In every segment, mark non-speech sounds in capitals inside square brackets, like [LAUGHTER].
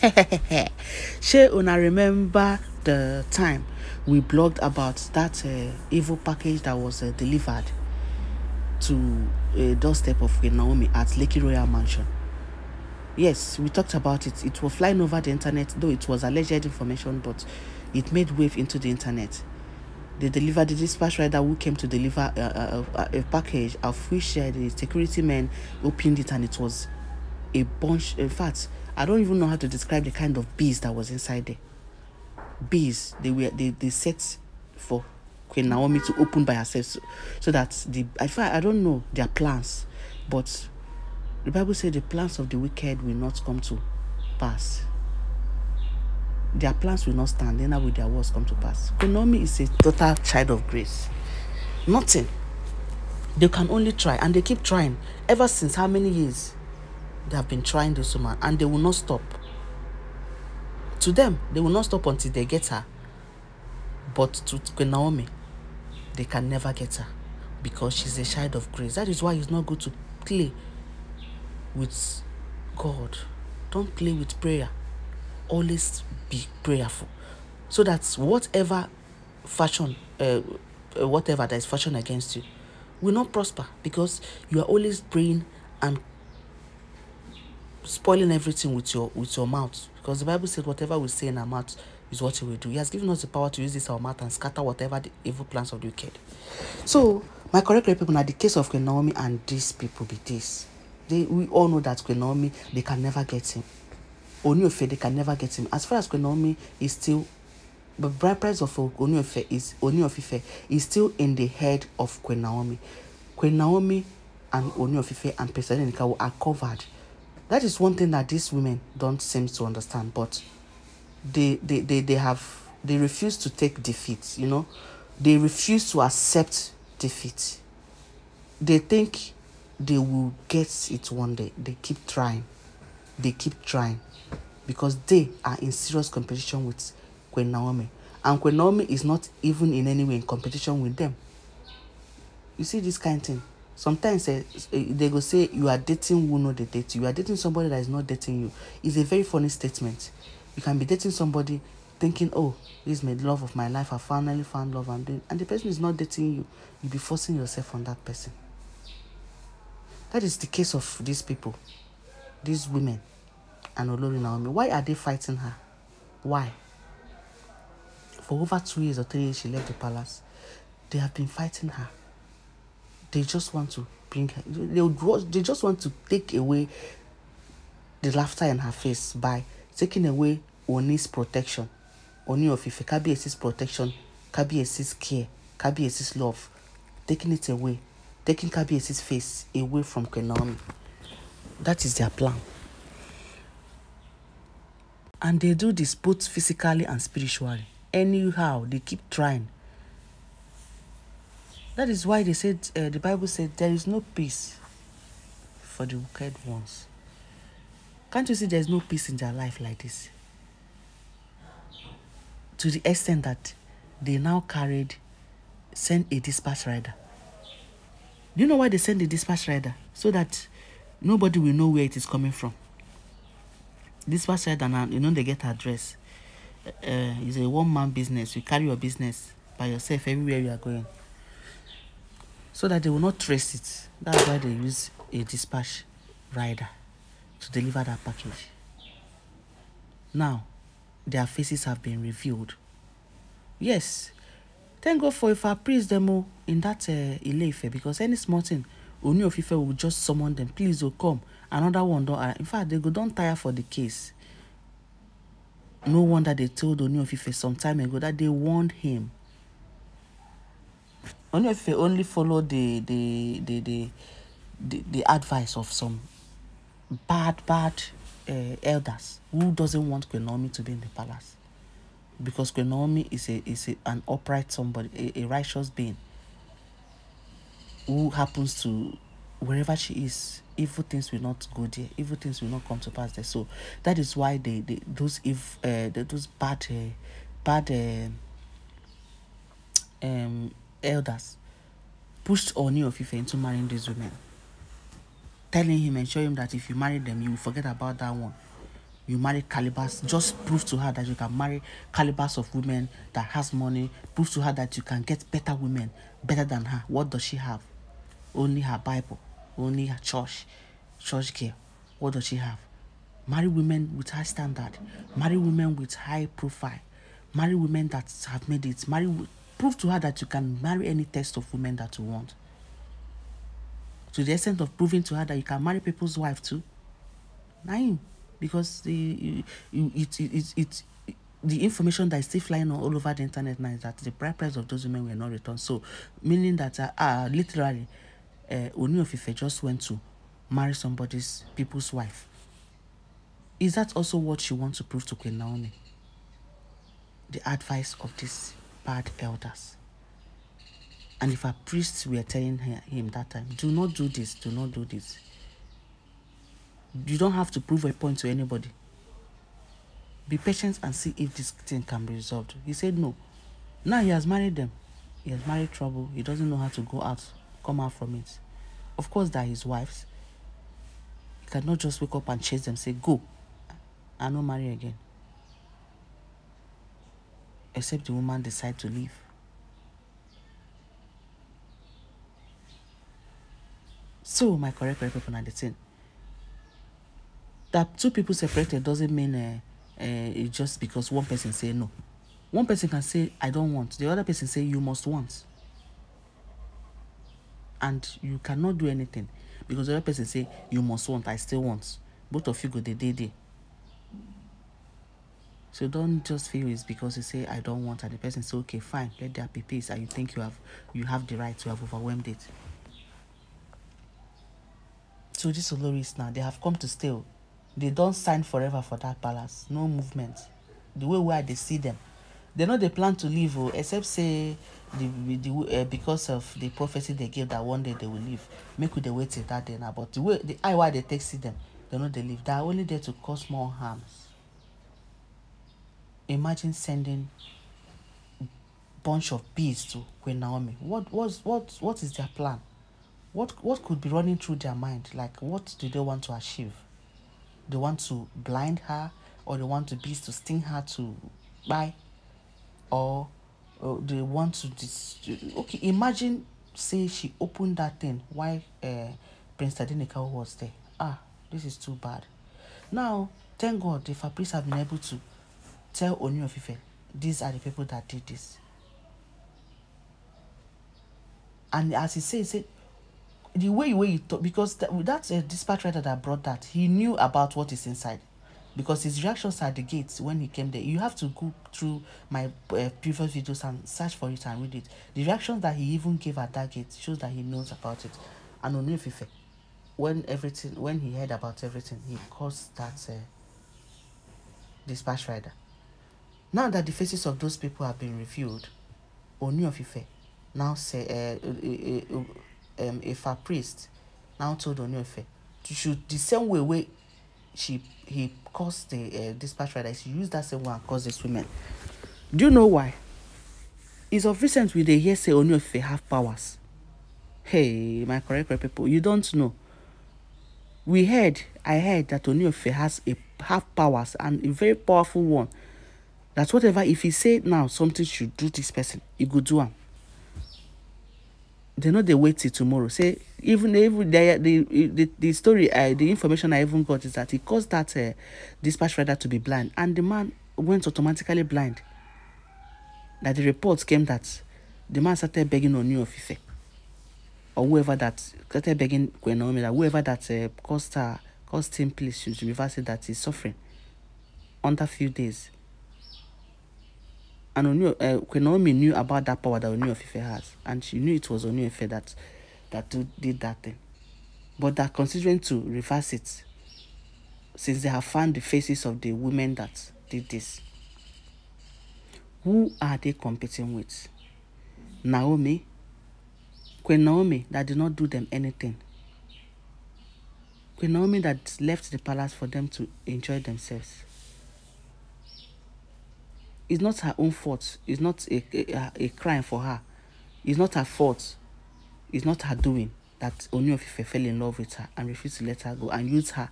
[LAUGHS] She una remember the time we blogged about that uh, evil package that was uh, delivered to a uh, doorstep of Naomi at Lekki Royal Mansion. Yes, we talked about it. It was flying over the internet, though it was alleged information, but it made wave into the internet. They delivered the dispatch rider who came to deliver a, uh, a, uh, a package, of which uh, the security men opened it and it was a bunch. In fact, I don't even know how to describe the kind of bees that was inside there. Bees, they were they, they set for Queen Naomi to open by herself so, so that the I I don't know their plans, but the Bible says the plans of the wicked will not come to pass. Their plans will not stand, then will their words come to pass. Queen Naomi is a total child of grace. Nothing. They can only try and they keep trying ever since how many years? They have been trying this woman and they will not stop. To them, they will not stop until they get her. But to Queen Naomi, they can never get her because she's a child of grace. That is why it's not good to play with God. Don't play with prayer. Always be prayerful. So that whatever fashion, uh, uh whatever that is fashion against you, will not prosper because you are always praying and spoiling everything with your with your mouth because the bible says whatever we say in our mouth is what we do he has given us the power to use this our mouth and scatter whatever the evil plans of the wicked so my correct people now the case of queen naomi and these people be this they we all know that queen naomi they can never get him oniofe they can never get him as far as queen naomi is still the bride price of oniofe is oniofife is still in the head of queen naomi queen naomi and oniofife and president are covered that is one thing that these women don't seem to understand, but they, they, they, they have they refuse to take defeat, you know. They refuse to accept defeat. They think they will get it one day. They keep trying. They keep trying. Because they are in serious competition with Queen Naomi. And Queen Naomi is not even in any way in competition with them. You see this kind of thing? sometimes eh, eh, they go say you are dating who no dey date you you are dating somebody that is not dating you it's a very funny statement you can be dating somebody thinking oh this is my love of my life i finally found love and and the person is not dating you you be forcing yourself on that person that is the case of these people these women and olori naomi why are they fighting her why for over two years or three years she left the palace they have been fighting her they just want to bring they, would, they just want to take away the laughter in her face by taking away Oni's protection. Oni of Ife, Kabiesi's protection, Kabiesi's care, Kabiesi's love, taking it away, taking Kabiesi's face away from Kenomi. That is their plan. And they do this both physically and spiritually. Anyhow, they keep trying that is why they said, uh, the Bible said, there is no peace for the wicked ones. Can't you see there's no peace in their life like this? To the extent that they now carried, sent a dispatch rider. Do you know why they send a dispatch rider? So that nobody will know where it is coming from. Dispatch rider, now, you know, they get address. Uh, uh it's a one-man business. You carry your business by yourself everywhere you are going. so that they will not trace it. That's why they use a dispatch rider to deliver that package. Now, their faces have been revealed. Yes, thank God for if Ifa praise demo oh, in that uh, ile because any small thing, Ooni of Ife will just summon them. Please, will oh, come. Another one, don't, uh, in fact, they go don't tire for the case. No wonder they told Ooni of Ife some time ago that they warned him only if you only follow the the the the the, the advice of some bad bad uh, elders who doesn't want Kwenomi to be in the palace because Kwenomi is a is a, an upright somebody a, a righteous being who happens to wherever she is evil things will not go there evil things will not come to pass there so that is why they, they those if uh, eh, those bad uh, bad uh, um elders pushed Oni of Ife into marrying these women, telling him and showing him that if you marry them, you will forget about that one. You marry Calibas, just prove to her that you can marry Calibas of women that has money, prove to her that you can get better women, better than her. What does she have? Only her Bible, only her church, church care. What does she have? Marry women with high standard, marry women with high profile, marry women that have made it, marry Prove to her that you can marry any test of women that you want. To the extent of proving to her that you can marry people's wife too. Nine. Because the, it, it, it, it, the information that is still flying all over the internet now is that the price of those women were not returned. So, meaning that uh, uh, literally, uh, if of just went to marry somebody's people's wife. Is that also what you want to prove to Queen Naomi? The advice of this bad elders. And if a priest were telling him that time, do not do this, do not do this, you don't have to prove a point to anybody. Be patient and see if this thing can be resolved. He said no. Now he has married them. He has married trouble. He doesn't know how to go out, come out from it. Of course, they're his wives. He cannot just wake up and chase them, say, go, and not marry again. except the woman decide to leave. So, my correct, correct people understand that two people separated doesn't mean uh, uh, just because one person say no. One person can say, I don't want. The other person say, you must want. And you cannot do anything because the other person say, you must want, I still want. Both of you go the day, day. So don't just feel it's because you say I don't want and the person say okay fine let there be peace and you think you have you have the right to have overwhelmed it. So these is now they have come to stay. Oh. They don't sign forever for that palace. No movement. The way where they see them, they know they plan to leave. Oh, except say the, the uh, because of the prophecy they gave that one day they will leave. Make they wait till that day now. But the way the eye why they take see them, they know they leave. They are only there to cause more harms imagine sending bunch of bees to Queen Naomi. What was what what is their plan? What what could be running through their mind? Like what do they want to achieve? They want to blind her, or they want the bees to sting her to buy, or, or they want to dis- okay. Imagine say she opened that thing while uh, Prince Tadinika was there. Ah, this is too bad. Now, thank God the Fabrice have been able to Tell Oni of Ife, these are the people that did this. And as he said, he said, the way, way he talk, because that, that's a uh, dispatch writer that brought that. He knew about what is inside. Because his reactions at the gates when he came there, you have to go through my uh, previous videos and search for it and read it. The reactions that he even gave at that gate shows that he knows about it. And Oni of Ife, when everything, when he heard about everything, he calls that uh, dispatch rider. Now that the faces of those people have been revealed, Oni of now say uh, uh, um, if a priest now told Oni should the same way way she he caused the uh, dispatch rider, she used that same way and caused this woman. Do you know why? It's of recent we they hear say Oni have powers. Hey, my correct, people, you don't know. We heard, I heard that Oni has a have powers and a very powerful one that's whatever, if he say now something should do this person, he could do him. They know they wait till tomorrow. Say, even, even the, the, the story, uh, the information I even got is that he caused that uh, dispatch rider to be blind. And the man went automatically blind. That the reports came that the man started begging on new officer Or whoever that, started begging Kwenomi, that whoever that uh, caused her, caused him, please, should reverse it, that he's suffering under few days and Onu, uh, eh, Queen Naomi knew about that power that Onu Ife has, and she knew it was only Ife that that did that thing. But they're considering to reverse it, since they have found the faces of the women that did this. Who are they competing with? Naomi, Queen Naomi that did not do them anything. Queen Naomi that left the palace for them to enjoy themselves. It's not her own fault. It's not a, a, a crime for her. It's not her fault. It's not her doing that Ooni of fell in love with her and refused to let her go and use her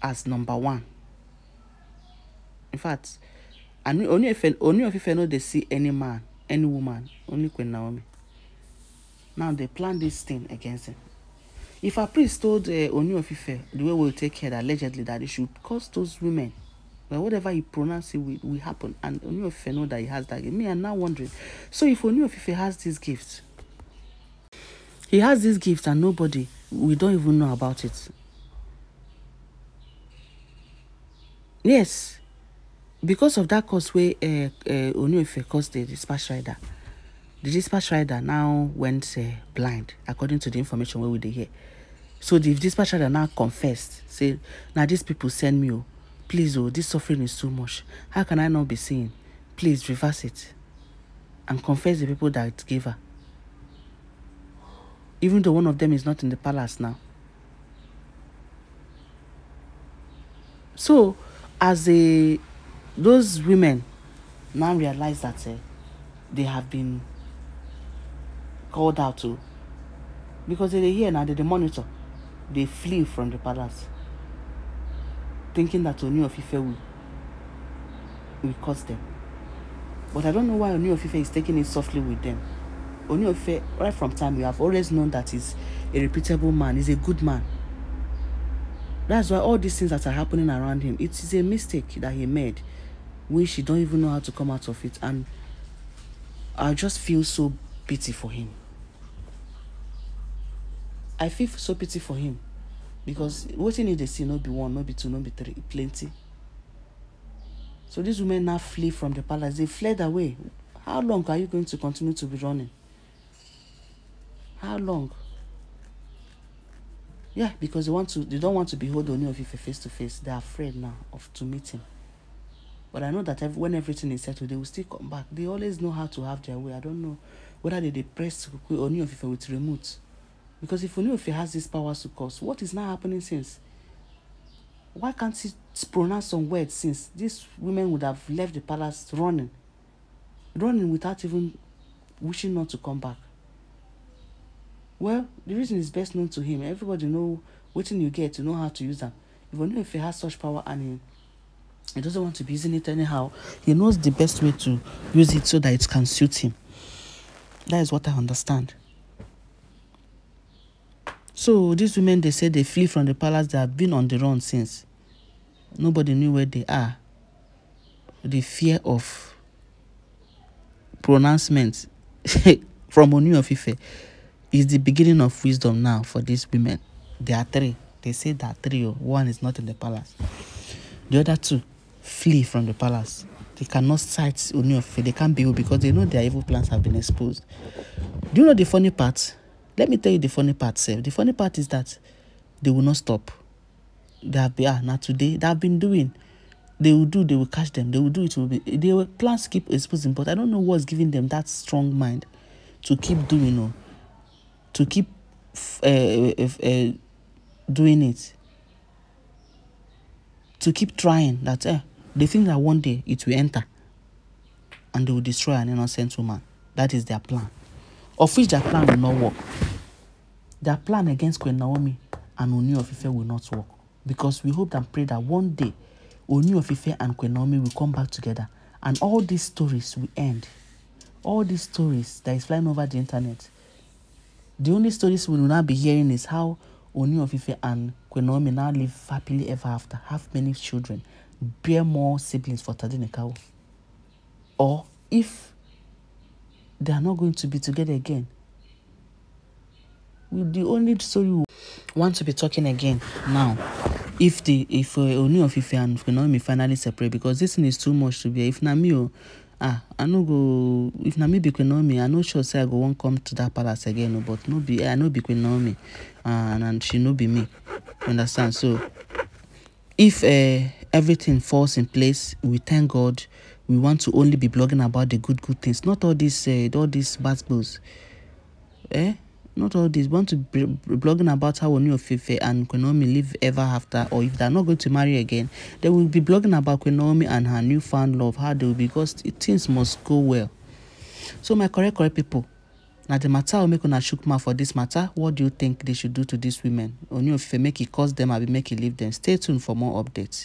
as number one. In fact, Ooni of Ife no dey see any man, any woman, only Queen Naomi. Now they plan this thing against him. If a priest told uh, Ooni the way we'll take care that allegedly that they should cause those women But whatever he pronounces it will, will happen. And Oniofe know that he has that gift. Me, I'm now wondering. So if Oniofe has this gift, he has this gift and nobody, we don't even know about it. Yes, because of that cause where uh, uh, Oniofe caused the dispatch rider, the dispatch rider now went uh, blind, according to the information we did hear. So the dispatch rider now confessed, say, now these people send me, oh, Please, oh, this suffering is too much. How can I not be seen? Please reverse it and confess the people that gave her. Even though one of them is not in the palace now. So, as a, those women now realize that uh, they have been called out to, oh, because they hear now, they, monitor, they flee from the palace. thinking that Oni of will, will cause them. But I don't know why Oni of is taking it softly with them. Oni of right from time, we have always known that he's a reputable man, he's a good man. That's why all these things that are happening around him, it is a mistake that he made, which he don't even know how to come out of it. And I just feel so pity for him. I feel so pity for him because what you need to see not be one not be two not be three plenty so these women now flee from the palace They fled away how long are you going to continue to be running how long yeah because they want to they don't want to behold oni of you face to face they are afraid now of to meet him but i know that when everything is settled they will still come back they always know how to have their way i don't know whether they depressed or oni of you with remote because if Oniofe has these powers to cause, what is now happening since? Why can't he pronounce some words since these women would have left the palace running? Running without even wishing not to come back. Well, the reason is best known to him. Everybody know what you get to know how to use them. If only if he has such power and he, he doesn't want to be using it anyhow, he knows the best way to use it so that it can suit him. That is what I understand. So these women, they say, they flee from the palace. They have been on the run since. Nobody knew where they are. The fear of pronouncements [LAUGHS] from Oni of Ife is the beginning of wisdom now for these women. There are three. They say there are three. Oh. One is not in the palace. The other two flee from the palace. They cannot sight Oni of Ife. They can't be because they know their evil plans have been exposed. Do you know the funny part? Let me tell you the funny part, Sir, The funny part is that they will not stop. They have been, ah, not today, they have been doing. They will do, they will catch them, they will do it. Will be, they will, plans keep exposing, but I don't know what's giving them that strong mind to keep doing or to keep uh, uh, doing it. To keep trying that eh, they think that one day it will enter and they will destroy an innocent woman. That is their plan. Of which their plan will not work. Their plan against Queen Naomi and Oni of Ife will not work because we hope and pray that one day Oni of Ife and Queen Naomi will come back together and all these stories will end. All these stories that is flying over the internet. The only stories we will now be hearing is how Oni of Ife and Queen Naomi now live happily ever after, have many children, bear more siblings for Tadenekawo. Or if they are not going to be together again, with the only story want to be talking again now if the if uh, Ooni of and Naomi finally separate because this thing is too much to bear if na me o oh, ah i no go if na me be Queen i no sure say i go wan come to that palace again o oh, but no be eh, i no be Queen Naomi and and she no be me you understand so if uh, everything falls in place we thank God we want to only be blogging about the good good things not all this uh, all these bad blows eh not all this. want to be blogging about how Oni of and Kwenomi live ever after, or if they're not going to marry again, they will be blogging about Kwenomi and her newfound love, how they will be, because things must go well. So, my correct, correct people, now the matter will make on a shook mouth for this matter. What do you think they should do to these women? Oni of make it e cause them, abi be making e leave them. Stay tuned for more updates.